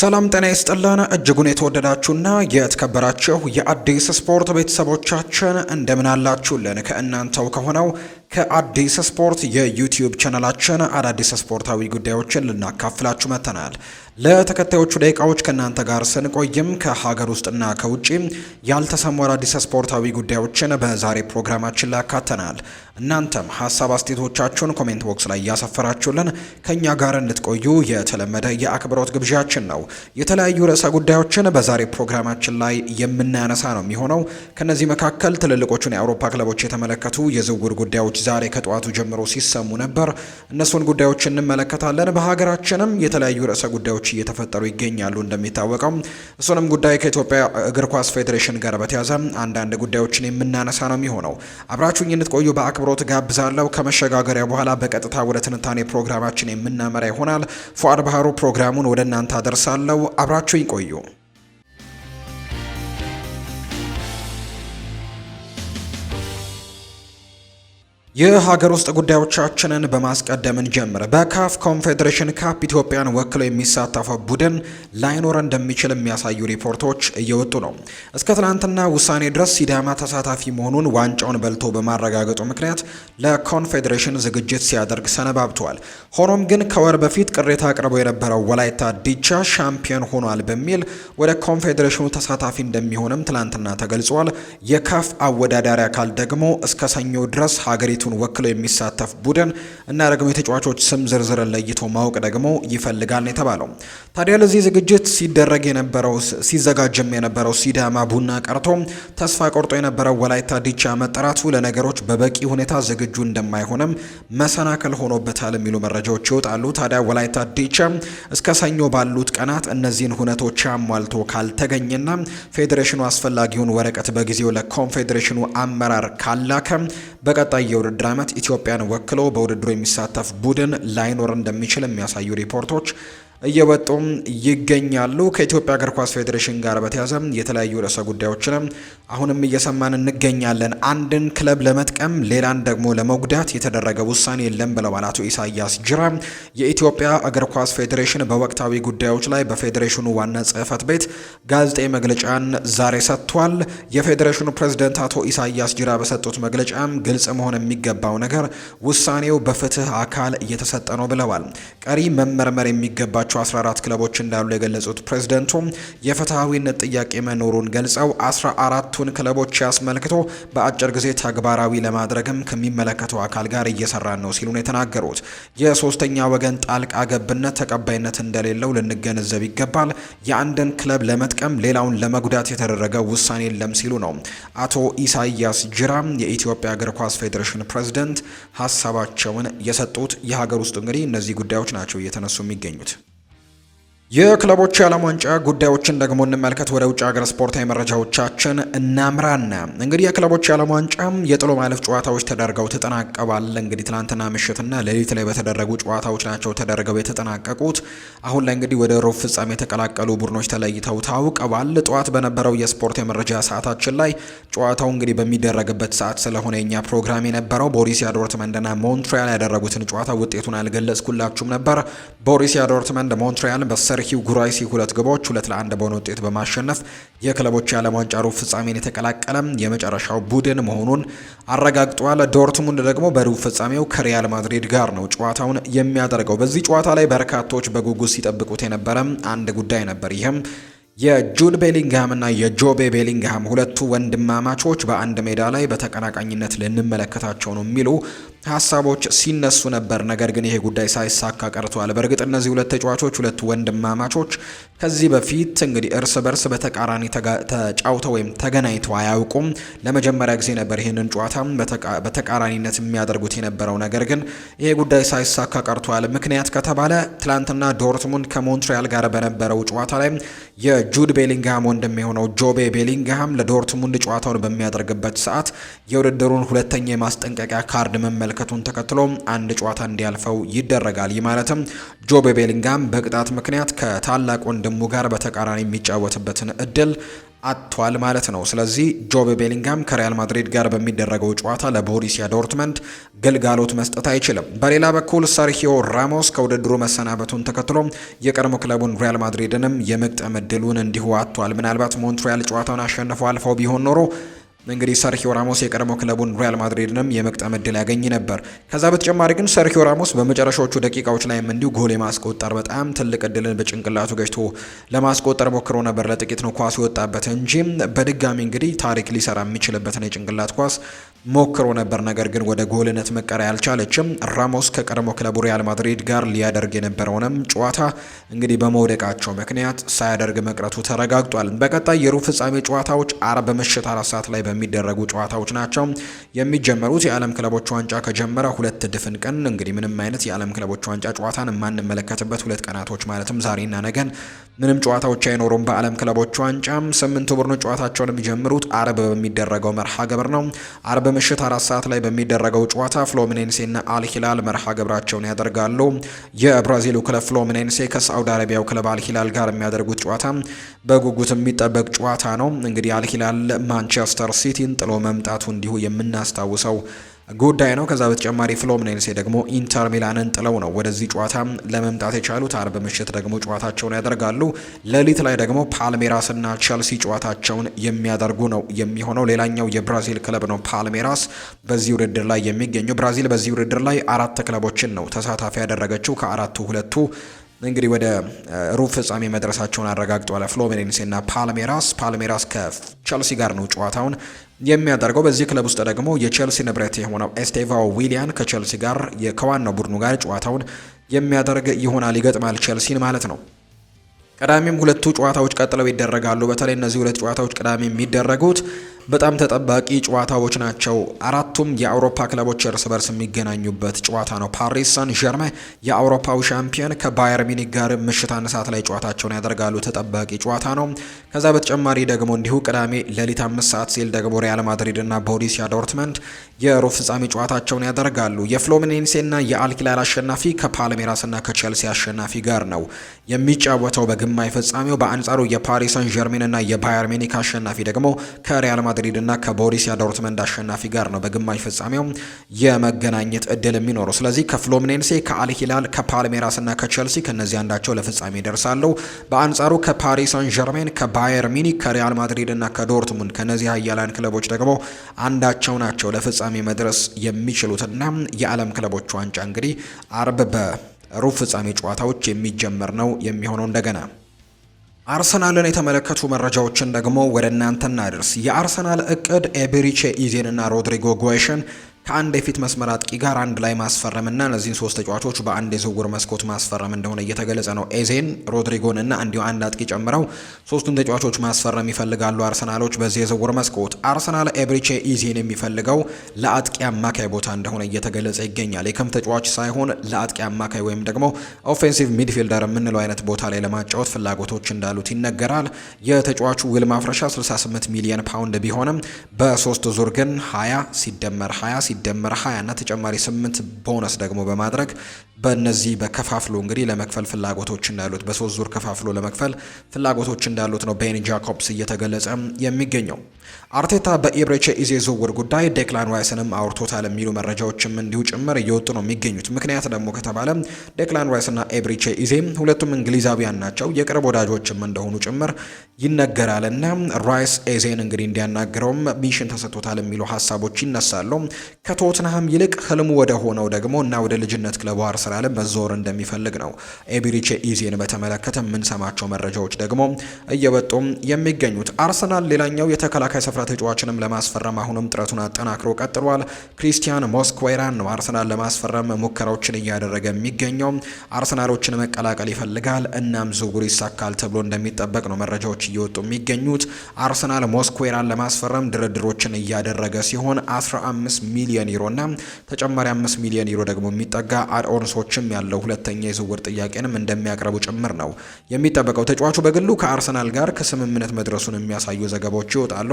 ሰላም ጤና ይስጥልን እጅጉን የተወደዳችሁና የተከበራችሁ የአዲስ ስፖርት ቤተሰቦቻችን እንደምን አላችሁልን? ከእናንተው ከሆነው ከአዲስ ስፖርት የዩቲዩብ ቻናላችን አዳዲስ ስፖርታዊ ጉዳዮችን ልናካፍላችሁ መጥተናል። ለተከታዮቹ ደቂቃዎች ከእናንተ ጋር ስንቆይም ከሀገር ውስጥና ከውጭ ያልተሰሙ አዳዲስ ስፖርታዊ ጉዳዮችን በዛሬ ፕሮግራማችን ላይ አካተናል። እናንተም ሀሳብ አስተያየቶቻችሁን ኮሜንት ቦክስ ላይ እያሰፈራችሁልን ከእኛ ጋር እንድትቆዩ የተለመደ የአክብሮት ግብዣችን ነው። የተለያዩ ርዕሰ ጉዳዮችን በዛሬ ፕሮግራማችን ላይ የምናነሳ ነው የሚሆነው። ከእነዚህ መካከል ትልልቆቹን የአውሮፓ ክለቦች የተመለከቱ የዝውውር ጉዳዮች ዛሬ ከጠዋቱ ጀምሮ ሲሰሙ ነበር። እነሱን ጉዳዮች እንመለከታለን። በሀገራችንም የተለያዩ ርዕሰ ጉዳዮች እየተፈጠሩ ይገኛሉ። እንደሚታወቀው እሱንም ጉዳይ ከኢትዮጵያ እግር ኳስ ፌዴሬሽን ጋር በተያዘ አንዳንድ ጉዳዮችን የምናነሳ ነው የሚሆነው። አብራችሁኝ እንድትቆዩ በአክብሮት ጋብዛለሁ። ከመሸጋገሪያ በኋላ በቀጥታ ወደ ትንታኔ ፕሮግራማችን የምናመራ ይሆናል። ፉአድ ባህሩ ፕሮግራሙን ወደ እናንተ አደርሳለሁ። አብራችሁኝ ቆዩ። የሀገር ውስጥ ጉዳዮቻችንን በማስቀደም እንጀምር። በካፍ ኮንፌዴሬሽን ካፕ ኢትዮጵያን ወክሎ የሚሳተፈው ቡድን ላይኖር እንደሚችል የሚያሳዩ ሪፖርቶች እየወጡ ነው። እስከ ትናንትና ውሳኔ ድረስ ሲዳማ ተሳታፊ መሆኑን ዋንጫውን በልቶ በማረጋገጡ ምክንያት ለኮንፌዴሬሽን ዝግጅት ሲያደርግ ሰነባብተዋል። ሆኖም ግን ከወር በፊት ቅሬታ አቅርበው የነበረው ወላይታ ዲቻ ሻምፒዮን ሆኗል በሚል ወደ ኮንፌዴሬሽኑ ተሳታፊ እንደሚሆንም ትናንትና ተገልጿል። የካፍ አወዳዳሪ አካል ደግሞ እስከ ሰኞ ድረስ ሀገሪቱ ሀገሪቱን ወክሎ የሚሳተፍ ቡድን እና ደግሞ የተጫዋቾች ስም ዝርዝርን ለይቶ ማወቅ ደግሞ ይፈልጋል የተባለው ታዲያ ለዚህ ዝግጅት ሲደረግ የነበረው ሲዘጋጅም የነበረው ሲዳማ ቡና ቀርቶ ተስፋ ቆርጦ የነበረው ወላይታ ዲቻ መጠራቱ ለነገሮች በበቂ ሁኔታ ዝግጁ እንደማይሆንም መሰናከል ሆኖበታል የሚሉ መረጃዎች ይወጣሉ። ታዲያ ወላይታ ዲቻ እስከ ሰኞ ባሉት ቀናት እነዚህን ሁነቶች አሟልቶ ካልተገኘና ፌዴሬሽኑ አስፈላጊውን ወረቀት በጊዜው ለኮንፌዴሬሽኑ አመራር ካላከም በቀጣይ የውድ የውድድር ዓመት ኢትዮጵያን ወክሎ በውድድሩ የሚሳተፍ ቡድን ላይኖር እንደሚችል የሚያሳዩ ሪፖርቶች እየወጡም ይገኛሉ። ከኢትዮጵያ እግር ኳስ ፌዴሬሽን ጋር በተያያዘ የተለያዩ ርዕሰ ጉዳዮችንም አሁንም እየሰማን እንገኛለን። አንድን ክለብ ለመጥቀም ሌላን ደግሞ ለመጉዳት የተደረገ ውሳኔ የለም ብለዋል አቶ ኢሳያስ ጅራ። የኢትዮጵያ እግር ኳስ ፌዴሬሽን በወቅታዊ ጉዳዮች ላይ በፌዴሬሽኑ ዋና ጽህፈት ቤት ጋዜጣዊ መግለጫን ዛሬ ሰጥቷል። የፌዴሬሽኑ ፕሬዝደንት አቶ ኢሳያስ ጅራ በሰጡት መግለጫ ግልጽ መሆን የሚገባው ነገር ውሳኔው በፍትህ አካል እየተሰጠ ነው ብለዋል። ቀሪ መመርመር የሚገባቸው ያላቸው 14 ክለቦች እንዳሉ የገለጹት ፕሬዝደንቱ የፍትሐዊነት ጥያቄ መኖሩን ገልጸው 14ቱን ክለቦች ያስመልክቶ በአጭር ጊዜ ተግባራዊ ለማድረግም ከሚመለከተው አካል ጋር እየሰራን ነው ሲሉ ነው የተናገሩት። የሶስተኛ ወገን ጣልቃ ገብነት ተቀባይነት እንደሌለው ልንገነዘብ ይገባል። የአንድን ክለብ ለመጥቀም ሌላውን ለመጉዳት የተደረገ ውሳኔ የለም ሲሉ ነው አቶ ኢሳያስ ጅራም የኢትዮጵያ እግር ኳስ ፌዴሬሽን ፕሬዝደንት ሀሳባቸውን የሰጡት። የሀገር ውስጥ እንግዲህ እነዚህ ጉዳዮች ናቸው እየተነሱ የሚገኙት። የክለቦቹ የዓለም ዋንጫ ጉዳዮችን ደግሞ እንመልከት። ወደ ውጭ ሀገር ስፖርታዊ መረጃዎቻችን እናምራና እንግዲህ የክለቦች የዓለም ዋንጫ የጥሎ ማለፍ ጨዋታዎች ተደርገው ተጠናቀባል። እንግዲህ ትናንትና ምሽትና ሌሊት ላይ በተደረጉ ጨዋታዎች ናቸው ተደርገው የተጠናቀቁት። አሁን ላይ እንግዲህ ወደ ሩብ ፍጻሜ የተቀላቀሉ ቡድኖች ተለይተው ታውቀዋል። ጠዋት በነበረው የስፖርት የመረጃ ሰዓታችን ላይ ጨዋታው እንግዲህ በሚደረግበት ሰዓት ስለሆነ የኛ ፕሮግራም የነበረው ቦሪሲያ ዶርትመንድና ሞንትሪያል ያደረጉትን ጨዋታ ውጤቱን አልገለጽኩላችሁም ነበር። ቦሪሲያ ዶርትመንድ ሞንትሪያልን በሰር ጉራይሲ ሁለት ግቦች ሁለት ለአንድ በሆነ ውጤት በማሸነፍ የክለቦች የዓለም ዋንጫ ሩብ ፍጻሜን የተቀላቀለም የመጨረሻው ቡድን መሆኑን አረጋግጧል። ዶርትሙንድ ደግሞ በሩብ ፍጻሜው ከሪያል ማድሪድ ጋር ነው ጨዋታውን የሚያደርገው። በዚህ ጨዋታ ላይ በርካቶች በጉጉት ሲጠብቁት የነበረ አንድ ጉዳይ ነበር። ይህም የጁድ ቤሊንግሃም እና የጆቤ ቤሊንግሃም ሁለቱ ወንድማማቾች በአንድ ሜዳ ላይ በተቀናቃኝነት ልንመለከታቸው ነው የሚሉ ሀሳቦች ሲነሱ ነበር። ነገር ግን ይሄ ጉዳይ ሳይሳካ ቀርቷል። በእርግጥ እነዚህ ሁለት ተጫዋቾች ሁለቱ ወንድማማቾች ከዚህ በፊት እንግዲህ እርስ በርስ በተቃራኒ ተጫውተው ወይም ተገናኝተው አያውቁም። ለመጀመሪያ ጊዜ ነበር ይህንን ጨዋታ በተቃራኒነት የሚያደርጉት የነበረው። ነገር ግን ይሄ ጉዳይ ሳይሳካ ቀርቷል። ምክንያት ከተባለ ትላንትና ዶርትሙንድ ከሞንትሪያል ጋር በነበረው ጨዋታ ላይ የጁድ ቤሊንግሃም ወንድም የሆነው ጆቤ ቤሊንግሃም ለዶርትሙንድ ጨዋታውን በሚያደርግበት ሰዓት የውድድሩን ሁለተኛ የማስጠንቀቂያ ካርድ መመልከቱን ተከትሎ አንድ ጨዋታ እንዲያልፈው ይደረጋል። ይህ ማለትም ጆቤ ቤሊንግሃም በቅጣት ምክንያት ከታላቅ ወንድሙ ጋር በተቃራኒ የሚጫወትበትን እድል አጥቷል ማለት ነው። ስለዚህ ጆብ ቤሊንጋም ከሪያል ማድሪድ ጋር በሚደረገው ጨዋታ ለቦሪሲያ ዶርትመንድ ግልጋሎት መስጠት አይችልም። በሌላ በኩል ሰርሂዮ ራሞስ ከውድድሩ መሰናበቱን ተከትሎ የቀድሞ ክለቡን ሪያል ማድሪድንም የመቅጠም እድሉን እንዲሁ አጥቷል። ምናልባት ሞንትሪያል ጨዋታውን አሸንፈው አልፈው ቢሆን ኖሮ እንግዲህ ሰርኪዮ ራሞስ የቀድሞ ክለቡን ሪያል ማድሪድንም የመቅጠም እድል ያገኝ ነበር። ከዛ በተጨማሪ ግን ሰርኪዮ ራሞስ በመጨረሻዎቹ ደቂቃዎች ላይም እንዲሁ ጎል የማስቆጠር በጣም ትልቅ እድልን በጭንቅላቱ ገጭቶ ለማስቆጠር ሞክሮ ነበር። ለጥቂት ነው ኳስ የወጣበት እንጂ በድጋሚ እንግዲህ ታሪክ ሊሰራ የሚችልበትን የጭንቅላት ኳስ ሞክሮ ነበር፣ ነገር ግን ወደ ጎልነት መቀረ አልቻለችም። ራሞስ ከቀድሞ ክለቡ ሪያል ማድሪድ ጋር ሊያደርግ የነበረውንም ጨዋታ እንግዲህ በመውደቃቸው ምክንያት ሳያደርግ መቅረቱ ተረጋግጧል። በቀጣይ የሩብ ፍጻሜ ጨዋታዎች አርብ ምሽት አራት ሰዓት ላይ በሚደረጉ ጨዋታዎች ናቸው የሚጀመሩት። የዓለም ክለቦች ዋንጫ ከጀመረ ሁለት ድፍን ቀን እንግዲህ ምንም አይነት የዓለም ክለቦች ዋንጫ ጨዋታን የማንመለከትበት ሁለት ቀናቶች ማለትም ዛሬና ነገን ምንም ጨዋታዎች አይኖሩም። በዓለም ክለቦች ዋንጫም ስምንቱ ቡድኖች ጨዋታቸውን የሚጀምሩት አርብ በሚደረገው መርሃ ግብር ነው። አርብ ምሽት አራት ሰዓት ላይ በሚደረገው ጨዋታ ፍሎሚኔንሴና አልሂላል መርሃ ግብራቸውን ያደርጋሉ። የብራዚሉ ክለብ ፍሎሚኔንሴ ከሳዑዲ አረቢያው ክለብ አልሂላል ጋር የሚያደርጉት ጨዋታ በጉጉት የሚጠበቅ ጨዋታ ነው። እንግዲህ አልሂላል ማንቸስተር ሲቲን ጥሎ መምጣቱ እንዲሁ የምናስታውሰው ጉዳይ ነው። ከዛ በተጨማሪ ፍሎምኔንሴ ደግሞ ኢንተር ሚላንን ጥለው ነው ወደዚህ ጨዋታ ለመምጣት የቻሉት። አርብ ምሽት ደግሞ ጨዋታቸውን ያደርጋሉ። ሌሊት ላይ ደግሞ ፓልሜራስና ቸልሲ ጨዋታቸውን የሚያደርጉ ነው የሚሆነው። ሌላኛው የብራዚል ክለብ ነው ፓልሜራስ በዚህ ውድድር ላይ የሚገኘው። ብራዚል በዚህ ውድድር ላይ አራት ክለቦችን ነው ተሳታፊ ያደረገችው። ከአራቱ ሁለቱ እንግዲህ ወደ ሩብ ፍጻሜ መድረሳቸውን አረጋግጧል። ፍሎሜኔንሴና ፓልሜራስ ፓልሜራስ ከቸልሲ ጋር ነው ጨዋታውን የሚያደርገው። በዚህ ክለብ ውስጥ ደግሞ የቸልሲ ንብረት የሆነው ኤስቴቫው ዊሊያን ከቸልሲ ጋር ከዋናው ቡድኑ ጋር ጨዋታውን የሚያደርግ ይሆናል። ይገጥማል ቸልሲን ማለት ነው። ቅዳሜም ሁለቱ ጨዋታዎች ቀጥለው ይደረጋሉ። በተለይ እነዚህ ሁለት ጨዋታዎች ቅዳሜ የሚደረጉት በጣም ተጠባቂ ጨዋታዎች ናቸው። አራቱም የአውሮፓ ክለቦች እርስ በርስ የሚገናኙበት ጨዋታ ነው። ፓሪስ ሳን ዠርመ የአውሮፓው ሻምፒዮን ከባየር ሚኒክ ጋር ምሽት አንድ ሰዓት ላይ ጨዋታቸውን ያደርጋሉ። ተጠባቂ ጨዋታ ነው። ከዛ በተጨማሪ ደግሞ እንዲሁ ቅዳሜ ሌሊት አምስት ሰዓት ሲል ደግሞ ሪያል ማድሪድ እና ቦሩሲያ ዶርትመንድ የሩብ ፍጻሜ ጨዋታቸውን ያደርጋሉ። እና የአልኪላል አሸናፊ ከፓልሜራስና ከቼልሲ አሸናፊ ጋር ነው የሚጫወተው በግማሽ ፍጻሜው። በአንጻሩ የፓሪስ ሳን እና የባየር ሚኒክ አሸናፊ ደግሞ ከሪያል ማድሪድ እና ከቦሪሲያ ዶርትመንድ አሸናፊ ጋር ነው በግማሽ ፍጻሜው የመገናኘት እድል የሚኖረው። ስለዚህ ከፍሎሚኔንሴ፣ ከአልሂላል፣ ከፓልሜራስ እና ከቸልሲ ከእነዚህ አንዳቸው ለፍጻሜ ይደርሳሉ። በአንጻሩ ከፓሪስ ሳን ዠርሜን፣ ከባየር ሚኒክ፣ ከሪያል ማድሪድ እና ከዶርትሙንድ ከእነዚህ ሀያላን ክለቦች ደግሞ አንዳቸው ናቸው ለፍጻሜ መድረስ የሚችሉትና የዓለም ክለቦች ዋንጫ እንግዲህ አርብ በሩብ ፍጻሜ ጨዋታዎች የሚጀመር ነው የሚሆነው እንደገና አርሰናልን የተመለከቱ መረጃዎችን ደግሞ ወደ እናንተ እናድርስ። የአርሰናል እቅድ ኤቤሪቼ ኢዜንና ሮድሪጎ ጓይሽን ከአንድ የፊት መስመር አጥቂ ጋር አንድ ላይ ማስፈረምና እነዚህን ሶስት ተጫዋቾች በአንድ የዝውውር መስኮት ማስፈረም እንደሆነ እየተገለጸ ነው። ኤዜን፣ ሮድሪጎን እና እንዲሁ አንድ አጥቂ ጨምረው ሶስቱን ተጫዋቾች ማስፈረም ይፈልጋሉ አርሰናሎች በዚህ የዝውውር መስኮት። አርሰናል ኤብሪቼ ኢዜን የሚፈልገው ለአጥቂ አማካይ ቦታ እንደሆነ እየተገለጸ ይገኛል። የክም ተጫዋች ሳይሆን ለአጥቂ አማካይ ወይም ደግሞ ኦፌንሲቭ ሚድፊልደር የምንለው አይነት ቦታ ላይ ለማጫወት ፍላጎቶች እንዳሉት ይነገራል። የተጫዋቹ ውል ማፍረሻ 68 ሚሊዮን ፓውንድ ቢሆንም በሶስት ዙር ግን 20 ሲደመር 20 ሲደመር 20 እና ተጨማሪ 8 ቦነስ ደግሞ በማድረግ በእነዚህ በከፋፍሎ እንግዲህ ለመክፈል ፍላጎቶች እንዳሉት በሶስት ዙር ከፋፍሎ ለመክፈል ፍላጎቶች እንዳሉት ነው ቤን ጃኮብስ እየተገለጸ የሚገኘው። አርቴታ በኢብሬቼ ኢዜ ዝውውር ጉዳይ ዴክላን ራይስንም አውርቶታል የሚሉ መረጃዎችም እንዲሁ ጭምር እየወጡ ነው የሚገኙት። ምክንያት ደግሞ ከተባለ ዴክላን ራይስና ኢብሬቼ ኢዜ ሁለቱም እንግሊዛዊያን ናቸው፣ የቅርብ ወዳጆችም እንደሆኑ ጭምር ይነገራል እና ራይስ ኤዜን እንግዲህ እንዲያናግረውም ሚሽን ተሰጥቶታል የሚሉ ሀሳቦች ይነሳሉ። ከቶትንሃም ይልቅ ህልሙ ወደ ሆነው ደግሞ እና ወደ ልጅነት ክለቡ አርሰናል አርሰናልን መዘወር እንደሚፈልግ ነው ኤቢሪቼ ኢዜን በተመለከተ የምንሰማቸው መረጃዎች ደግሞ እየወጡም የሚገኙት። አርሰናል ሌላኛው የተከላካይ ስፍራ ተጫዋችንም ለማስፈረም አሁንም ጥረቱን አጠናክሮ ቀጥሏል። ክሪስቲያን ሞስኩዌራን ነው አርሰናል ለማስፈረም ሙከራዎችን እያደረገ የሚገኘው። አርሰናሎችን መቀላቀል ይፈልጋል፣ እናም ዝውውሩ ይሳካል ተብሎ እንደሚጠበቅ ነው መረጃዎች እየወጡ የሚገኙት። አርሰናል ሞስኩዌራን ለማስፈረም ድርድሮችን እያደረገ ሲሆን 15 ሚሊዮን ዩሮ እና ተጨማሪ 5 ሚሊዮን ዩሮ ደግሞ የሚጠጋ አድኦንሶ ተጫዋቾችም ያለው ሁለተኛ የዝውውር ጥያቄንም እንደሚያቀርቡ ጭምር ነው የሚጠበቀው። ተጫዋቹ በግሉ ከአርሰናል ጋር ከስምምነት መድረሱን የሚያሳዩ ዘገባዎች ይወጣሉ።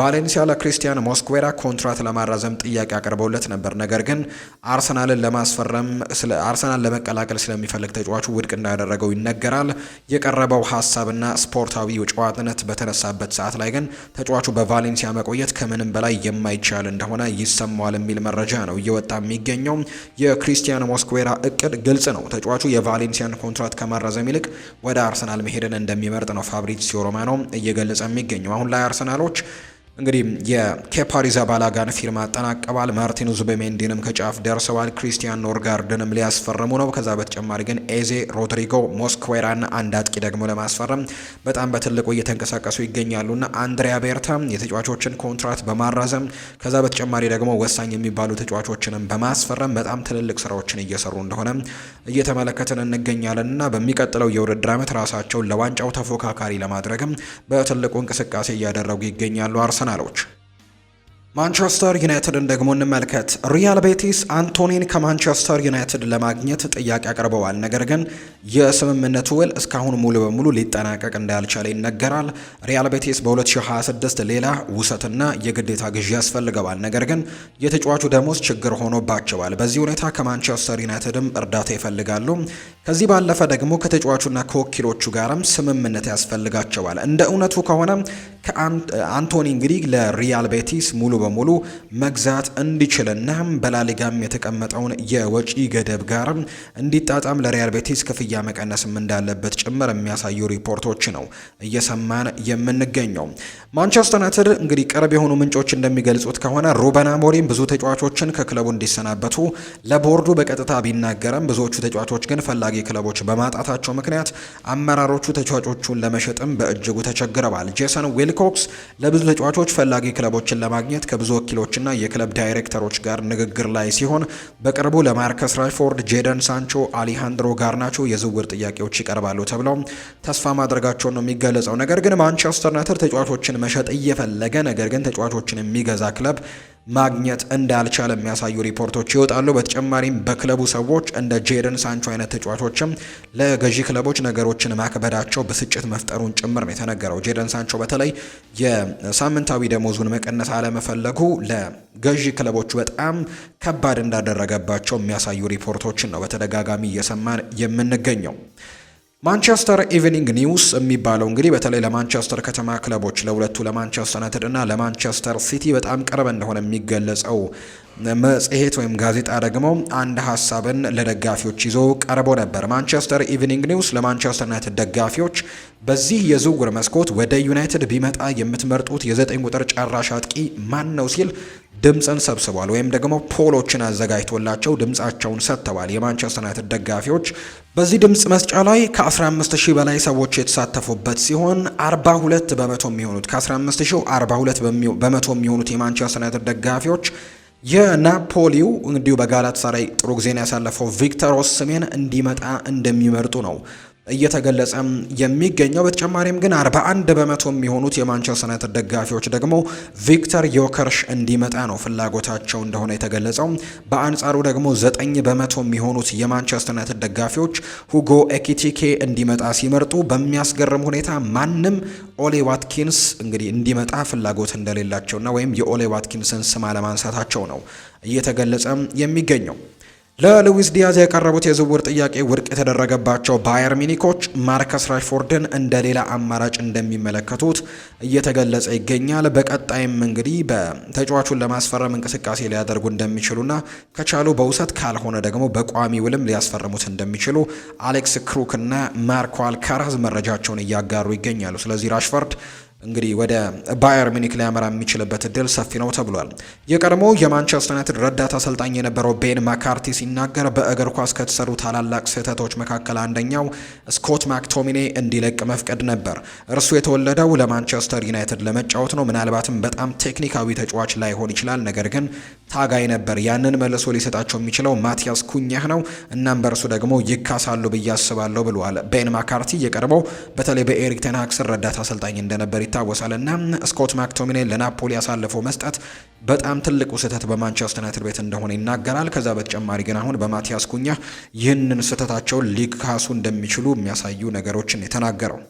ቫሌንሲያ ለክሪስቲያን ሞስኩዌራ ኮንትራት ለማራዘም ጥያቄ አቅርበውለት ነበር። ነገር ግን አርሰናልን ለማስፈረም አርሰናል ለመቀላቀል ስለሚፈልግ ተጫዋቹ ውድቅ እንዳደረገው ይነገራል። የቀረበው ሀሳብና ስፖርታዊ ጨዋነት በተነሳበት ሰዓት ላይ ግን ተጫዋቹ በቫሌንሲያ መቆየት ከምንም በላይ የማይቻል እንደሆነ ይሰማዋል የሚል መረጃ ነው እየወጣ የሚገኘው። የክሪስቲያን ሞስኩዌራ እቅድ ግልጽ ነው። ተጫዋቹ የቫሌንሲያን ኮንትራት ከማራዘም ይልቅ ወደ አርሰናል መሄድን እንደሚመርጥ ነው ፋብሪዚዮ ሮማኖ እየገለጸ የሚገኘው። አሁን ላይ አርሰናሎች እንግዲህ የኬፓሪዛ ባላጋን ፊርማ አጠናቀባል። ማርቲን ዙቤሜንዲንም ከጫፍ ደርሰዋል። ክሪስቲያን ኖርጋርድንም ሊያስፈርሙ ነው። ከዛ በተጨማሪ ግን ኤዜ፣ ሮድሪጎ፣ ሞስኩዌራና አንድ አጥቂ ደግሞ ለማስፈረም በጣም በትልቁ እየተንቀሳቀሱ ና አንድሪያ ቤርታ የተጫዋቾችን ኮንትራት በማራዘም ከዛ በተጨማሪ ደግሞ ወሳኝ የሚባሉ ተጫዋቾችንም በማስፈረም በጣም ትልልቅ ስራዎችን እየሰሩ እንደሆነ እየተመለከትን እንገኛለን ና በሚቀጥለው የውድድር ዓመት ራሳቸውን ለዋንጫው ተፎካካሪ ለማድረግም በትልቁ እንቅስቃሴ እያደረጉ ይገኛሉ አርሰናል አርሰናሎች። ማንቸስተር ዩናይትድን ደግሞ እንመልከት። ሪያል ቤቲስ አንቶኒን ከማንቸስተር ዩናይትድ ለማግኘት ጥያቄ አቅርበዋል። ነገር ግን የስምምነቱ ውል እስካሁን ሙሉ በሙሉ ሊጠናቀቅ እንዳልቻለ ይነገራል። ሪያል ቤቲስ በ2026 ሌላ ውሰትና የግዴታ ግዢ ያስፈልገዋል። ነገር ግን የተጫዋቹ ደሞዝ ችግር ሆኖባቸዋል። በዚህ ሁኔታ ከማንቸስተር ዩናይትድም እርዳታ ይፈልጋሉ። ከዚህ ባለፈ ደግሞ ከተጫዋቹና ከወኪሎቹ ጋርም ስምምነት ያስፈልጋቸዋል። እንደ እውነቱ ከሆነ ከአንቶኒ እንግዲህ ለሪያል ቤቲስ ሙሉ በሙሉ መግዛት እንዲችልና በላሊጋም የተቀመጠውን የወጪ ገደብ ጋር እንዲጣጣም ለሪያል ቤቲስ ክፍያ መቀነስም እንዳለበት ጭምር የሚያሳዩ ሪፖርቶች ነው እየሰማን የምንገኘው። ማንቸስተር ዩናይትድ እንግዲህ ቅርብ የሆኑ ምንጮች እንደሚገልጹት ከሆነ ሩበን አሞሪም ብዙ ተጫዋቾችን ከክለቡ እንዲሰናበቱ ለቦርዱ በቀጥታ ቢናገረም ብዙዎቹ ተጫዋቾች ግን ፈላጊ ክለቦች በማጣታቸው ምክንያት አመራሮቹ ተጫዋቾቹን ለመሸጥም በእጅጉ ተቸግረዋል። ጄሰን ዊል ሂልኮክስ ለብዙ ተጫዋቾች ፈላጊ ክለቦችን ለማግኘት ከብዙ ወኪሎችና የክለብ ዳይሬክተሮች ጋር ንግግር ላይ ሲሆን በቅርቡ ለማርከስ ራሽፎርድ፣ ጄደን ሳንቾ፣ አሊሃንድሮ ጋርናቾ የዝውውር ጥያቄዎች ይቀርባሉ ተብለው ተስፋ ማድረጋቸው ነው የሚገለጸው። ነገር ግን ማንቸስተር ዩናይትድ ተጫዋቾችን መሸጥ እየፈለገ ነገር ግን ተጫዋቾችን የሚገዛ ክለብ ማግኘት እንዳልቻለ የሚያሳዩ ሪፖርቶች ይወጣሉ። በተጨማሪም በክለቡ ሰዎች እንደ ጄደን ሳንቾ አይነት ተጫዋቾችም ለገዢ ክለቦች ነገሮችን ማክበዳቸው ብስጭት መፍጠሩን ጭምር ነው የተነገረው። ጄደን ሳንቾ በተለይ የሳምንታዊ ደሞዙን መቀነስ አለመፈለጉ ለገዢ ክለቦቹ በጣም ከባድ እንዳደረገባቸው የሚያሳዩ ሪፖርቶችን ነው በተደጋጋሚ እየሰማን የምንገኘው። ማንቸስተር ኢቭኒንግ ኒውስ የሚባለው እንግዲህ በተለይ ለማንቸስተር ከተማ ክለቦች ለሁለቱ ለማንቸስተር ዩናይትድ እና ለማንቸስተር ሲቲ በጣም ቅርብ እንደሆነ የሚገለጸው መጽሔት ወይም ጋዜጣ ደግሞ አንድ ሀሳብን ለደጋፊዎች ይዞ ቀርቦ ነበር። ማንቸስተር ኢቭኒንግ ኒውስ ለማንቸስተር ዩናይትድ ደጋፊዎች በዚህ የዝውውር መስኮት ወደ ዩናይትድ ቢመጣ የምትመርጡት የዘጠኝ ቁጥር ጨራሽ አጥቂ ማን ነው ሲል ድምፅን ሰብስቧል ወይም ደግሞ ፖሎችን አዘጋጅቶላቸው ድምፃቸውን ሰጥተዋል። የማንቸስተር ዩናይትድ ደጋፊዎች በዚህ ድምፅ መስጫ ላይ ከ15000 በላይ ሰዎች የተሳተፉበት ሲሆን 42 በመቶ የሚሆኑት ከ15000 42 በመቶ የሚሆኑት የማንቸስተር ዩናይትድ ደጋፊዎች የናፖሊው እንዲሁ በጋላት ሳራይ ጥሩ ጊዜን ያሳለፈው ቪክተር ኦስሜን እንዲመጣ እንደሚመርጡ ነው እየተገለጸም የሚገኘው። በተጨማሪም ግን 41 በመቶ የሚሆኑት የማንቸስተር ዩናይትድ ደጋፊዎች ደግሞ ቪክተር ዮከርሽ እንዲመጣ ነው ፍላጎታቸው እንደሆነ የተገለጸው። በአንጻሩ ደግሞ 9 በመቶ የሚሆኑት የማንቸስተር ዩናይትድ ደጋፊዎች ሁጎ ኤኪቲኬ እንዲመጣ ሲመርጡ፣ በሚያስገርም ሁኔታ ማንም ኦሌ ዋትኪንስ እንግዲህ እንዲመጣ ፍላጎት እንደሌላቸውና ወይም የኦሌ ዋትኪንስን ስም አለማንሳታቸው ነው እየተገለጸ የሚገኘው። ለሉዊስ ዲያዝ የቀረቡት የዝውውር ጥያቄ ውድቅ የተደረገባቸው ባየር ሚኒኮች ማርከስ ራሽፎርድን እንደ ሌላ አማራጭ እንደሚመለከቱት እየተገለጸ ይገኛል። በቀጣይም እንግዲህ በተጫዋቹን ለማስፈረም እንቅስቃሴ ሊያደርጉ እንደሚችሉና ከቻሉ በውሰት ካልሆነ ደግሞ በቋሚ ውልም ሊያስፈርሙት እንደሚችሉ አሌክስ ክሩክ እና ማርኮ አልካራዝ መረጃቸውን እያጋሩ ይገኛሉ። ስለዚህ ራሽፎርድ እንግዲህ ወደ ባየር ሚኒክ ሊያመራ የሚችልበት እድል ሰፊ ነው ተብሏል። የቀድሞ የማንቸስተር ዩናይትድ ረዳት አሰልጣኝ የነበረው ቤን ማካርቲ ሲናገር በእግር ኳስ ከተሰሩ ታላላቅ ስህተቶች መካከል አንደኛው ስኮት ማክቶሚኔ እንዲለቅ መፍቀድ ነበር። እርሱ የተወለደው ለማንቸስተር ዩናይትድ ለመጫወት ነው። ምናልባትም በጣም ቴክኒካዊ ተጫዋች ላይሆን ይችላል፣ ነገር ግን ታጋይ ነበር። ያንን መልሶ ሊሰጣቸው የሚችለው ማቲያስ ኩኛህ ነው። እናም በእርሱ ደግሞ ይካሳሉ ብዬ አስባለሁ ብለዋል ቤን ማካርቲ። የቀድሞው በተለይ በኤሪክ ቴንሃግ ረዳት አሰልጣኝ እንደነበር ይታወሳል። እና ስኮት ማክቶሚኔ ለናፖሊ ያሳለፈው መስጠት በጣም ትልቁ ስህተት በማንቸስተር ዩናይትድ ቤት እንደሆነ ይናገራል። ከዛ በተጨማሪ ግን አሁን በማቲያስ ኩኛ ይህንን ስህተታቸውን ሊካሱ እንደሚችሉ የሚያሳዩ ነገሮችን የተናገረው።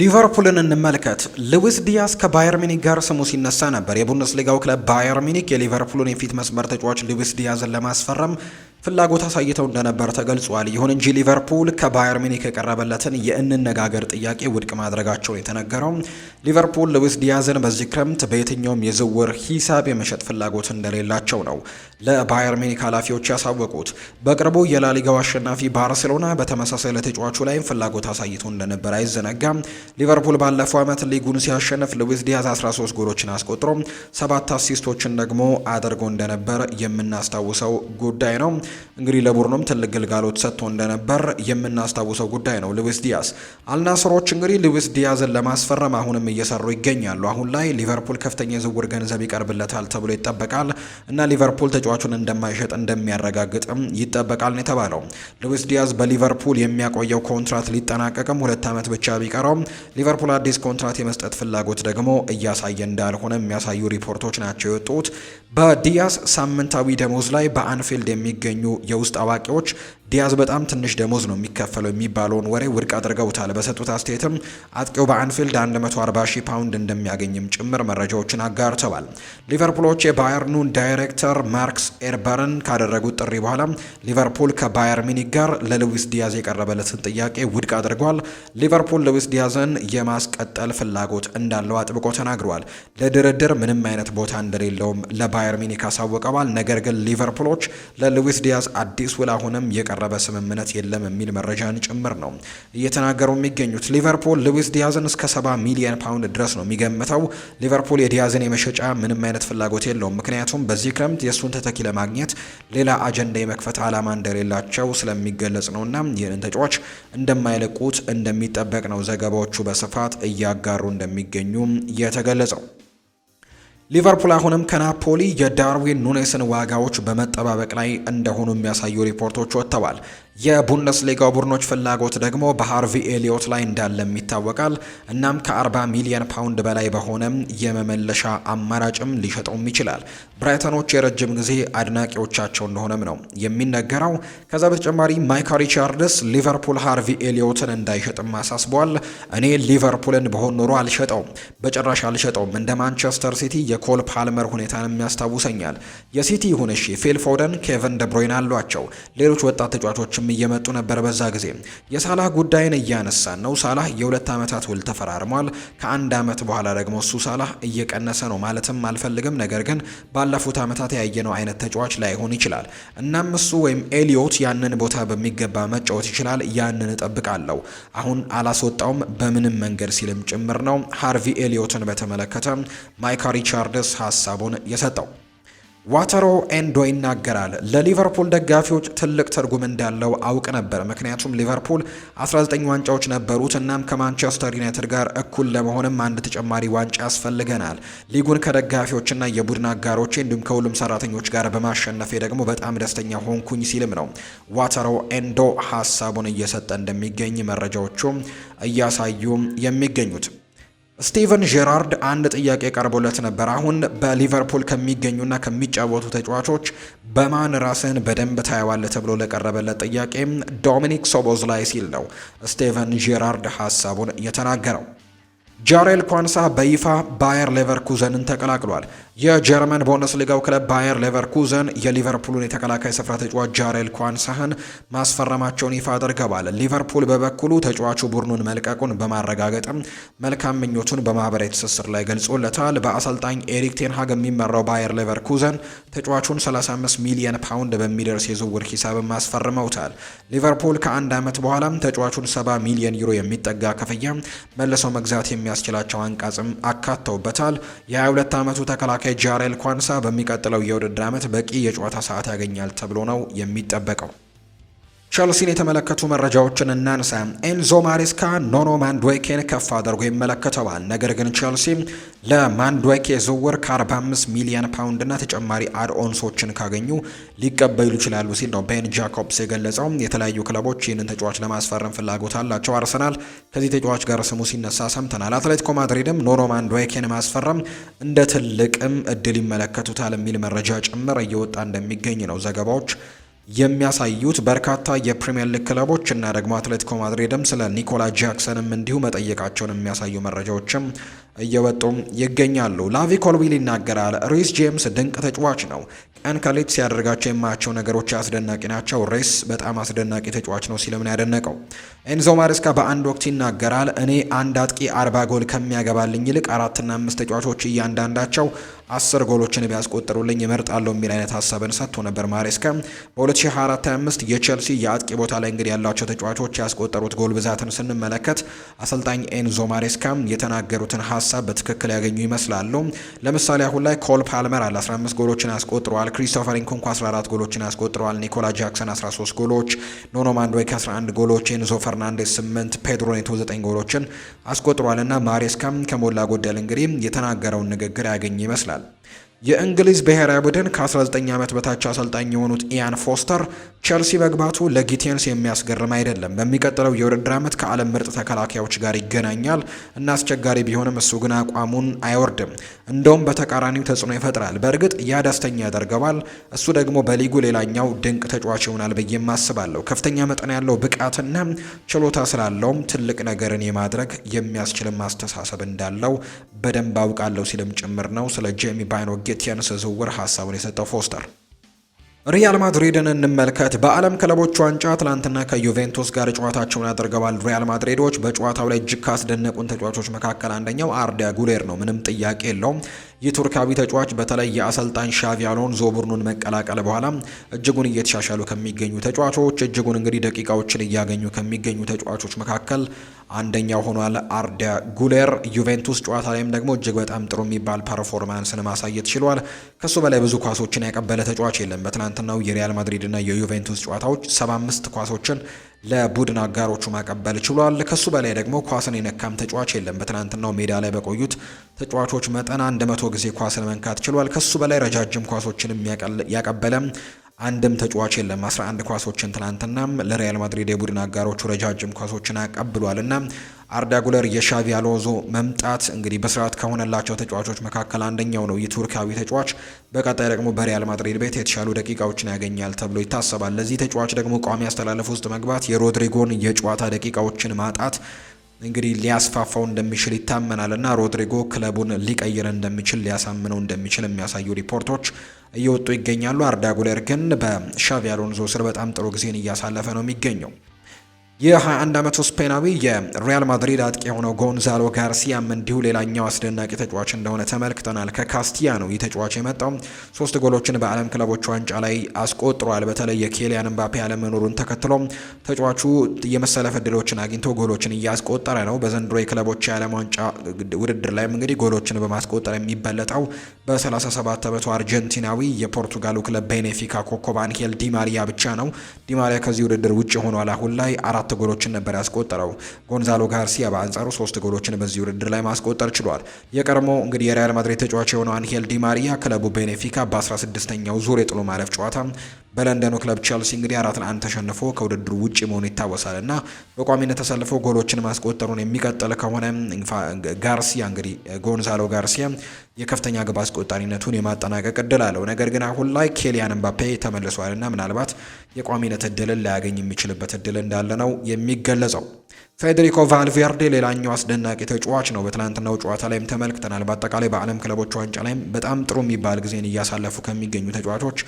ሊቨርፑልን እንመልከት። ልዊስ ዲያስ ከባየር ሚኒክ ጋር ስሙ ሲነሳ ነበር። የቡንደስሊጋው ክለብ ባየር ሚኒክ የሊቨርፑልን የፊት መስመር ተጫዋች ልዊስ ዲያዝን ለማስፈረም ፍላጎት አሳይተው እንደነበር ተገልጿል። ይሁን እንጂ ሊቨርፑል ከባየር ሚኒክ የቀረበለትን የእንነጋገር ጥያቄ ውድቅ ማድረጋቸውን የተነገረው ሊቨርፑል ሉዊስ ዲያዝን በዚህ ክረምት በየትኛውም የዝውውር ሂሳብ የመሸጥ ፍላጎት እንደሌላቸው ነው ለባየር ሚኒክ ኃላፊዎች ያሳወቁት። በቅርቡ የላሊጋው አሸናፊ ባርሴሎና በተመሳሳይ ለተጫዋቹ ላይም ፍላጎት አሳይቶ እንደነበር አይዘነጋም። ሊቨርፑል ባለፈው ዓመት ሊጉን ሲያሸንፍ ሉዊስ ዲያዝ 13 ጎሎችን አስቆጥሮ ሰባት አሲስቶችን ደግሞ አድርጎ እንደነበር የምናስታውሰው ጉዳይ ነው። እንግዲህ ለቡድኑም ትልቅ ግልጋሎት ሰጥቶ እንደነበር የምናስታውሰው ጉዳይ ነው። ልዊስ ዲያዝ አልናስሮች እንግዲህ ልዊስ ዲያዝን ለማስፈረም አሁንም እየሰሩ ይገኛሉ። አሁን ላይ ሊቨርፑል ከፍተኛ የዝውውር ገንዘብ ይቀርብለታል ተብሎ ይጠበቃል እና ሊቨርፑል ተጫዋቹን እንደማይሸጥ እንደሚያረጋግጥም ይጠበቃል ነው የተባለው። ልዊስ ዲያዝ በሊቨርፑል የሚያቆየው ኮንትራት ሊጠናቀቅም ሁለት ዓመት ብቻ ቢቀረውም ሊቨርፑል አዲስ ኮንትራት የመስጠት ፍላጎት ደግሞ እያሳየ እንዳልሆነ የሚያሳዩ ሪፖርቶች ናቸው የወጡት። በዲያስ ሳምንታዊ ደሞዝ ላይ በአንፊልድ የሚገኙ የሚገኙ የውስጥ አዋቂዎች ዲያዝ በጣም ትንሽ ደሞዝ ነው የሚከፈለው የሚባለውን ወሬ ውድቅ አድርገውታል። በሰጡት አስተያየትም አጥቂው በአንፊልድ 140 ሺህ ፓውንድ እንደሚያገኝም ጭምር መረጃዎችን አጋርተዋል። ሊቨርፑሎች የባየርኑን ዳይሬክተር ማርክስ ኤርበርን ካደረጉት ጥሪ በኋላ ሊቨርፑል ከባየር ሚኒክ ጋር ለልዊስ ዲያዝ የቀረበለትን ጥያቄ ውድቅ አድርጓል። ሊቨርፑል ልዊስ ዲያዝን የማስቀጠል ፍላጎት እንዳለው አጥብቆ ተናግሯል። ለድርድር ምንም አይነት ቦታ እንደሌለውም ለባየር ሚኒክ አሳውቀዋል። ነገር ግን ሊቨርፑሎች ለልዊስ ዲያዝ አዲስ ውል አሁንም የቀ የቀረበ ስምምነት የለም የሚል መረጃን ጭምር ነው እየተናገሩ የሚገኙት። ሊቨርፑል ሉዊስ ዲያዝን እስከ ሰባ ሚሊየን ፓውንድ ድረስ ነው የሚገምተው። ሊቨርፑል የዲያዝን የመሸጫ ምንም አይነት ፍላጎት የለውም። ምክንያቱም በዚህ ክረምት የእሱን ተተኪ ለማግኘት ሌላ አጀንዳ የመክፈት አላማ እንደሌላቸው ስለሚገለጽ ነውና ይህንን ተጫዋች እንደማይለቁት እንደሚጠበቅ ነው ዘገባዎቹ በስፋት እያጋሩ እንደሚገኙ የተገለጸው። ሊቨርፑል አሁንም ከናፖሊ የዳርዊን ኑኔስን ዋጋዎች በመጠባበቅ ላይ እንደሆኑ የሚያሳዩ ሪፖርቶች ወጥተዋል። የቡንደስሊጋው ቡድኖች ፍላጎት ደግሞ በሃርቪ ኤሊዮት ላይ እንዳለም ይታወቃል። እናም ከ40 ሚሊዮን ፓውንድ በላይ በሆነም የመመለሻ አማራጭም ሊሸጠውም ይችላል። ብራይተኖች የረጅም ጊዜ አድናቂዎቻቸው እንደሆነም ነው የሚነገረው። ከዛ በተጨማሪ ማይካ ሪቻርድስ ሊቨርፑል ሃርቪ ኤሊዮትን እንዳይሸጥም አሳስቧል። እኔ ሊቨርፑልን በሆን ኖሮ አልሸጠውም፣ በጭራሽ አልሸጠውም። እንደ ማንቸስተር ሲቲ የኮል ፓልመር ሁኔታንም ያስታውሰኛል። የሲቲ ይሁን እሺ፣ ፊል ፎደን፣ ኬቨን ደብሮይን አሏቸው። ሌሎች ወጣት ተጫዋቾችም እየመጡ ነበር። በዛ ጊዜ የሳላህ ጉዳይን እያነሳን ነው። ሳላህ የሁለት ዓመታት ውል ተፈራርሟል። ከአንድ ዓመት በኋላ ደግሞ እሱ ሳላህ እየቀነሰ ነው ማለትም አልፈልግም፣ ነገር ግን ባለፉት ዓመታት ያየነው አይነት ተጫዋች ላይሆን ይችላል። እናም እሱ ወይም ኤሊዮት ያንን ቦታ በሚገባ መጫወት ይችላል። ያንን እጠብቃለሁ። አሁን አላስወጣውም በምንም መንገድ ሲልም ጭምር ነው ሃርቪ ኤሊዮትን በተመለከተ ማይካ ሪቻርድስ ሀሳቡን የሰጠው። ዋተሮ ኤንዶ ይናገራል። ለሊቨርፑል ደጋፊዎች ትልቅ ትርጉም እንዳለው አውቅ ነበር፣ ምክንያቱም ሊቨርፑል 19 ዋንጫዎች ነበሩት። እናም ከማንቸስተር ዩናይትድ ጋር እኩል ለመሆንም አንድ ተጨማሪ ዋንጫ ያስፈልገናል። ሊጉን ከደጋፊዎችና የቡድን አጋሮቼ እንዲሁም ከሁሉም ሰራተኞች ጋር በማሸነፌ ደግሞ በጣም ደስተኛ ሆንኩኝ ሲልም ነው ዋተሮ ኤንዶ ሀሳቡን እየሰጠ እንደሚገኝ መረጃዎቹ እያሳዩ የሚገኙት። ስቲቨን ጄራርድ አንድ ጥያቄ ቀርቦለት ነበር። አሁን በሊቨርፑል ከሚገኙና ከሚጫወቱ ተጫዋቾች በማን ራስህን በደንብ ታየዋለህ ተብሎ ለቀረበለት ጥያቄ ዶሚኒክ ሶቦዝ ላይ ሲል ነው ስቲቨን ጄራርድ ሀሳቡን የተናገረው። ጃሬል ኳንሳ በይፋ ባየር ሌቨርኩዘንን ተቀላቅሏል። የጀርመን ቡንደስሊጋው ክለብ ባየር ሌቨርኩዘን የሊቨርፑልን የተከላካይ ስፍራ ተጫዋች ጃሬል ኳንሳህን ማስፈረማቸውን ይፋ አድርገዋል። ሊቨርፑል በበኩሉ ተጫዋቹ ቡድኑን መልቀቁን በማረጋገጥም መልካም ምኞቱን በማህበራዊ ትስስር ላይ ገልጾለታል። በአሰልጣኝ ኤሪክ ቴንሃግ የሚመራው ባየር ሌቨርኩዘን ተጫዋቹን 35 ሚሊየን ፓውንድ በሚደርስ የዝውውር ሂሳብ አስፈርመውታል። ሊቨርፑል ከአንድ ዓመት በኋላም ተጫዋቹን 70 ሚሊየን ዩሮ የሚጠጋ ክፍያ መልሰው መግዛት የሚያስችላቸው አንቀጽም አካተውበታል። የ22 ዓመቱ ተከላካይ ተከላካይ ጃሬል ኳንሳ በሚቀጥለው የውድድር ዓመት በቂ የጨዋታ ሰዓት ያገኛል ተብሎ ነው የሚጠበቀው። ቸልሲን የተመለከቱ መረጃዎችን እናንሳ። ኤንዞ ማሪስካ ኖኖ ማንድዌኬን ከፍ አድርጎ ይመለከተዋል። ነገር ግን ቸልሲ ለማንድዌኬ ዝውውር ከ45 ሚሊዮን ፓውንድ ተጨማሪ አድኦንሶችን ካገኙ ሊቀበሉ ይችላሉ ሲል ነው ቤን ጃኮብስ የገለጸው። የተለያዩ ክለቦች ይህንን ተጫዋች ለማስፈረም ፍላጎት አላቸው። አርሰናል ከዚህ ተጫዋች ጋር ስሙ ሲነሳ ሰምተናል። አትሌቲኮ ማድሪድም ኖኖ ማንድዌኬን ማስፈረም እንደ ትልቅም እድል ይመለከቱታል የሚል መረጃ ጭምር እየወጣ እንደሚገኝ ነው ዘገባዎች የሚያሳዩት በርካታ የፕሪምየር ሊግ ክለቦች እና ደግሞ አትሌቲኮ ማድሪድም ስለ ኒኮላ ጃክሰንም እንዲሁ መጠየቃቸውን የሚያሳዩ መረጃዎችም እየወጡም ይገኛሉ። ላቪ ኮልዊል ይናገራል። ሪስ ጄምስ ድንቅ ተጫዋች ነው። ቀን ከሌት ሲያደርጋቸው የማያቸው ነገሮች አስደናቂ ናቸው። ሬስ በጣም አስደናቂ ተጫዋች ነው ሲለምን ያደነቀው። ኤንዞ ማሬስካ በአንድ ወቅት ይናገራል። እኔ አንድ አጥቂ አርባ ጎል ከሚያገባልኝ ይልቅ አራትና አምስት ተጫዋቾች እያንዳንዳቸው አስር ጎሎችን ቢያስቆጠሩልኝ እመርጣለሁ የሚል አይነት ሀሳብን ሰጥቶ ነበር። ማሬስካ በ2024/25 የቼልሲ የአጥቂ ቦታ ላይ እንግዲህ ያላቸው ተጫዋቾች ያስቆጠሩት ጎል ብዛትን ስንመለከት አሰልጣኝ ኤንዞ ማሬስካ የተናገሩትን ሀሳብ ሀሳብ በትክክል ያገኙ ይመስላሉ። ለምሳሌ አሁን ላይ ኮል ፓልመር አለ 15 ጎሎችን አስቆጥረዋል። ክሪስቶፈር ኢንኩንኩ 14 ጎሎችን አስቆጥረዋል። ኒኮላ ጃክሰን 13 ጎሎች፣ ኖኖ ማንዱዌክ 11 ጎሎች፣ ኤንዞ ፈርናንዴስ 8፣ ፔድሮ ኔቶ 9 ጎሎችን አስቆጥረዋል እና ማሬስካም ከሞላ ጎደል እንግዲህ የተናገረውን ንግግር ያገኝ ይመስላል። የእንግሊዝ ብሔራዊ ቡድን ከ19 ዓመት በታች አሰልጣኝ የሆኑት ኢያን ፎስተር ቸልሲ መግባቱ ለጊቴንስ የሚያስገርም አይደለም። በሚቀጥለው የውድድር ዓመት ከዓለም ምርጥ ተከላካዮች ጋር ይገናኛል እና አስቸጋሪ ቢሆንም እሱ ግን አቋሙን አይወርድም፣ እንደውም በተቃራኒው ተጽዕኖ ይፈጥራል። በእርግጥ ያ ደስተኛ ያደርገዋል። እሱ ደግሞ በሊጉ ሌላኛው ድንቅ ተጫዋች ይሆናል ብዬም አስባለሁ። ከፍተኛ መጠን ያለው ብቃትና ችሎታ ስላለውም ትልቅ ነገርን የማድረግ የሚያስችልም አስተሳሰብ እንዳለው በደንብ አውቃለሁ ሲልም ጭምር ነው ስለ ጄሚ ባይኖ የኬቲየንስ ዝውውር ሀሳቡን የሰጠው ፎስተር። ሪያል ማድሪድን እንመልከት። በዓለም ክለቦች ዋንጫ ትላንትና ከዩቬንቱስ ጋር ጨዋታቸውን አድርገዋል። ሪያል ማድሪዶች በጨዋታው ላይ እጅግ ካስደነቁን ተጫዋቾች መካከል አንደኛው አርዳ ጉሌር ነው። ምንም ጥያቄ የለውም። የቱርካዊ ተጫዋች በተለይ የአሰልጣኝ ሻቪ አሎንዞ ቡድኑን መቀላቀል በኋላ እጅጉን እየተሻሻሉ ከሚገኙ ተጫዋቾች እጅጉን እንግዲህ ደቂቃዎችን እያገኙ ከሚገኙ ተጫዋቾች መካከል አንደኛው ሆኗል። አርዳ ጉሌር ዩቬንቱስ ጨዋታ ላይም ደግሞ እጅግ በጣም ጥሩ የሚባል ፐርፎርማንስን ማሳየት ችሏል። ከሱ በላይ ብዙ ኳሶችን ያቀበለ ተጫዋች የለም። በትናንትናው የሪያል ማድሪድና የዩቬንቱስ ጨዋታዎች ሰባ ኳሶችን ለቡድን አጋሮቹ ማቀበል ችሏል። ከሱ በላይ ደግሞ ኳስን የነካም ተጫዋች የለም። በትናንትናው ሜዳ ላይ በቆዩት ተጫዋቾች መጠን አንድ ጊዜ ኳስን መንካት ችሏል። ከሱ በላይ ረጃጅም ኳሶችንም ያቀበለም አንድም ተጫዋች የለም። 11 ኳሶችን ትላንትና ለሪያል ማድሪድ የቡድን አጋሮቹ ረጃጅም ኳሶችን አቀብሏል እና አርዳ ጉለር የሻቪ አሎዞ መምጣት እንግዲህ በስርዓት ከሆነላቸው ተጫዋቾች መካከል አንደኛው ነው። የቱርካዊ ተጫዋች በቀጣይ ደግሞ በሪያል ማድሪድ ቤት የተሻሉ ደቂቃዎችን ያገኛል ተብሎ ይታሰባል። ለዚህ ተጫዋች ደግሞ ቋሚ አስተላለፍ ውስጥ መግባት የሮድሪጎን የጨዋታ ደቂቃዎችን ማጣት እንግዲህ ሊያስፋፋው እንደሚችል ይታመናል እና ሮድሪጎ ክለቡን ሊቀይር እንደሚችል ሊያሳምነው እንደሚችል የሚያሳዩ ሪፖርቶች እየወጡ ይገኛሉ። አርዳ ጉለር ግን በሻቪ አሎንዞ ስር በጣም ጥሩ ጊዜን እያሳለፈ ነው የሚገኘው። የ21 ዓመቱ ስፔናዊ የሪያል ማድሪድ አጥቂ የሆነው ጎንዛሎ ጋርሲያም እንዲሁ ሌላኛው አስደናቂ ተጫዋች እንደሆነ ተመልክተናል። ከካስቲያ ነው ይህ ተጫዋች የመጣው። ሶስት ጎሎችን በዓለም ክለቦች ዋንጫ ላይ አስቆጥሯል። በተለይ የኬሊያን ምባፔ አለመኖሩን ተከትሎ ተጫዋቹ የመሰለፍ እድሎችን አግኝቶ ጎሎችን እያስቆጠረ ነው። በዘንድሮ የክለቦች የዓለም ዋንጫ ውድድር ላይም እንግዲህ ጎሎችን በማስቆጠር የሚበለጠው በ37 ዓመቱ አርጀንቲናዊ የፖርቱጋሉ ክለብ ቤኔፊካ ኮኮብ ዲማሪያ ብቻ ነው። ዲማሪያ ከዚህ ውድድር ውጭ ሆኗል። አሁን ላይ አራት አራት ጎሎችን ነበር ያስቆጠረው። ጎንዛሎ ጋርሲያ በአንጻሩ ሶስት ጎሎችን በዚህ ውድድር ላይ ማስቆጠር ችሏል። የቀድሞ እንግዲህ የሪያል ማድሪድ ተጫዋች የሆነው አንሄል ዲማሪያ ክለቡ ቤኔፊካ በ16ኛው ዙር የጥሎ ማለፍ ጨዋታ በለንደኑ ክለብ ቸልሲ እንግዲህ አራት ለአንድ ተሸንፎ ከውድድሩ ውጭ መሆኑ ይታወሳል እና በቋሚነት ተሰልፎ ጎሎችን ማስቆጠሩን የሚቀጥል ከሆነ ጋርሲያ እንግዲህ ጎንዛሎ ጋርሲያ የከፍተኛ ግብ አስቆጣሪነቱን የማጠናቀቅ እድል አለው። ነገር ግን አሁን ላይ ኬሊያን ምባፔ ተመልሷልና ምናልባት የቋሚነት እድልን ላያገኝ የሚችልበት እድል እንዳለ ነው የሚገለጸው። ፌዴሪኮ ቫልቬርዴ ሌላኛው አስደናቂ ተጫዋች ነው። በትናንትናው ጨዋታ ላይም ተመልክተናል። በአጠቃላይ በዓለም ክለቦች ዋንጫ ላይም በጣም ጥሩ የሚባል ጊዜን እያሳለፉ ከሚገኙ ተጫዋቾች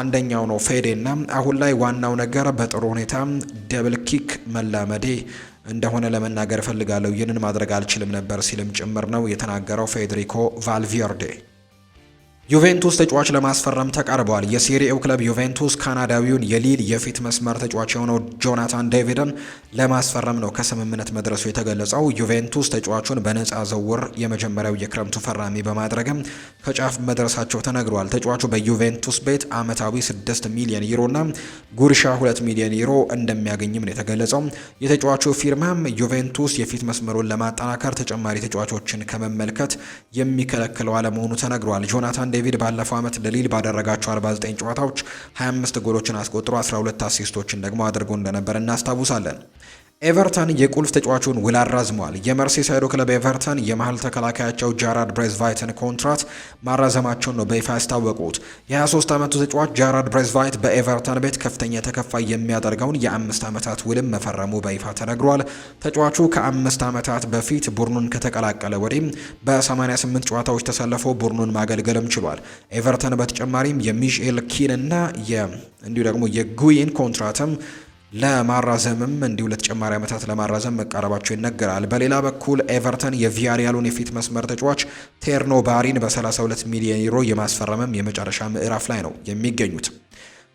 አንደኛው ነው ፌዴ እና አሁን ላይ ዋናው ነገር በጥሩ ሁኔታ ደብል ኪክ መላመዴ እንደሆነ ለመናገር እፈልጋለሁ። ይህንን ማድረግ አልችልም ነበር ሲልም ጭምር ነው የተናገረው ፌዴሪኮ ቫልቬርዴ። ዩቬንቱስ ተጫዋች ለማስፈረም ተቃርበዋል። የሴሪኤው ክለብ ዩቬንቱስ ካናዳዊውን የሊል የፊት መስመር ተጫዋች የሆነው ጆናታን ዴቪድን ለማስፈረም ነው ከስምምነት መድረሱ የተገለጸው። ዩቬንቱስ ተጫዋቹን በነፃ ዝውውር የመጀመሪያው የክረምቱ ፈራሚ በማድረግም ከጫፍ መድረሳቸው ተነግሯል። ተጫዋቹ በዩቬንቱስ ቤት አመታዊ 6 ሚሊዮን ዩሮና ጉርሻ 2 ሚሊዮን ዩሮ እንደሚያገኝም ነው የተገለጸው። የተጫዋቹ ፊርማም ዩቬንቱስ የፊት መስመሩን ለማጠናከር ተጨማሪ ተጫዋቾችን ከመመልከት የሚከለክለው አለመሆኑ ተነግሯል። ጆናታን ዴቪድ ባለፈው ዓመት ለሊል ባደረጋቸው 49 ጨዋታዎች 25 ጎሎችን አስቆጥሮ 12 አሲስቶችን ደግሞ አድርጎ እንደነበር እናስታውሳለን። ኤቨርተን የቁልፍ ተጫዋቹን ውል አራዝመዋል። የመርሲሳይዶ ክለብ ኤቨርተን የመሀል ተከላካያቸው ጃራድ ብሬዝቫይትን ኮንትራት ማራዘማቸውን ነው በይፋ ያስታወቁት። የ23 ዓመቱ ተጫዋች ጃራድ ብሬዝቫይት በኤቨርተን ቤት ከፍተኛ ተከፋይ የሚያደርገውን የአምስት ዓመታት ውልም መፈረሙ በይፋ ተነግሯል። ተጫዋቹ ከአምስት ዓመታት በፊት ቡድኑን ከተቀላቀለ ወዲህም በ88 ጨዋታዎች ተሰልፎ ቡድኑን ማገልገልም ችሏል። ኤቨርተን በተጨማሪም የሚሼል ኪን እና እንዲሁ ደግሞ የጉይን ኮንትራትም ለማራዘምም እንዲሁ ለተጨማሪ ዓመታት ለማራዘም መቃረባቸው ይነገራል። በሌላ በኩል ኤቨርተን የቪያሪያሉን የፊት መስመር ተጫዋች ቴርኖ ባሪን በ32 ሚሊዮን ዩሮ የማስፈረምም የመጨረሻ ምዕራፍ ላይ ነው የሚገኙት።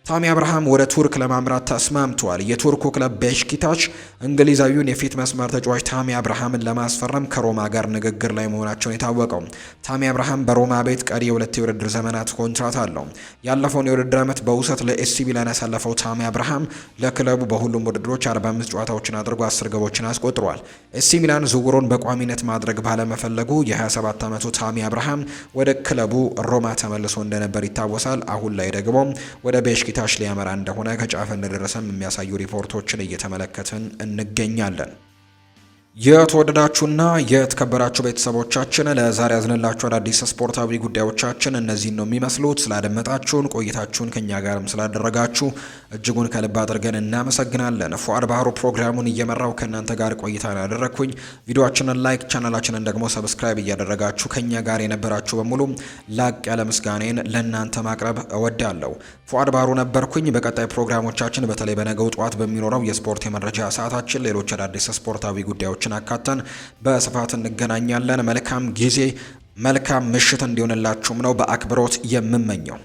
ታሚ አብርሃም ወደ ቱርክ ለማምራት ተስማምቷል። የቱርኩ ክለብ ቤሽኪታች እንግሊዛዊውን የፊት መስመር ተጫዋች ታሚ አብርሃምን ለማስፈረም ከሮማ ጋር ንግግር ላይ መሆናቸውን የታወቀው ታሚ አብርሃም በሮማ ቤት ቀሪ የሁለት የውድድር ዘመናት ኮንትራት አለው። ያለፈውን የውድድር ዓመት በውሰት ለኤሲ ሚላን ያሳለፈው ታሚ አብርሃም ለክለቡ በሁሉም ውድድሮች 45 ጨዋታዎችን አድርጎ 10 ግቦችን አስቆጥሯል። ኤሲ ሚላን ዝውውሩን በቋሚነት ማድረግ ባለመፈለጉ የ27 ዓመቱ ታሚ አብርሃም ወደ ክለቡ ሮማ ተመልሶ እንደነበር ይታወሳል። አሁን ላይ ደግሞ ወደ ቤሽኪ ታች ሊያመራ እንደሆነ ከጫፍ እንደደረሰም የሚያሳዩ ሪፖርቶችን እየተመለከትን እንገኛለን። የተወደዳችሁና የተከበራችሁ ቤተሰቦቻችን ለዛሬ ያዝንላችሁ አዳዲስ ስፖርታዊ ጉዳዮቻችን እነዚህን ነው የሚመስሉት። ስላደመጣችሁን ቆይታችሁን ከኛ ጋርም ስላደረጋችሁ እጅጉን ከልብ አድርገን እናመሰግናለን። ፉአድ ባህሩ ፕሮግራሙን እየመራው ከእናንተ ጋር ቆይታን ያደረግኩኝ፣ ቪዲዮችንን ላይክ ቻናላችንን ደግሞ ሰብስክራይብ እያደረጋችሁ ከኛ ጋር የነበራችሁ በሙሉ ላቅ ያለ ምስጋኔን ለእናንተ ማቅረብ እወዳለሁ። ፉአድ ባህሩ ነበርኩኝ። በቀጣይ ፕሮግራሞቻችን በተለይ በነገው ጠዋት በሚኖረው የስፖርት የመረጃ ሰዓታችን ሌሎች አዳዲስ ስፖርታዊ ጉዳዮች መረጃዎችን አካተን በስፋት እንገናኛለን። መልካም ጊዜ፣ መልካም ምሽት እንዲሆንላችሁም ነው በአክብሮት የምመኘው።